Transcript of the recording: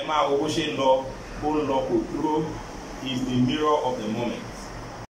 ẹ máa wo bó ṣe ń lọ bó ń lọ kò dúró is the mirror of the moment.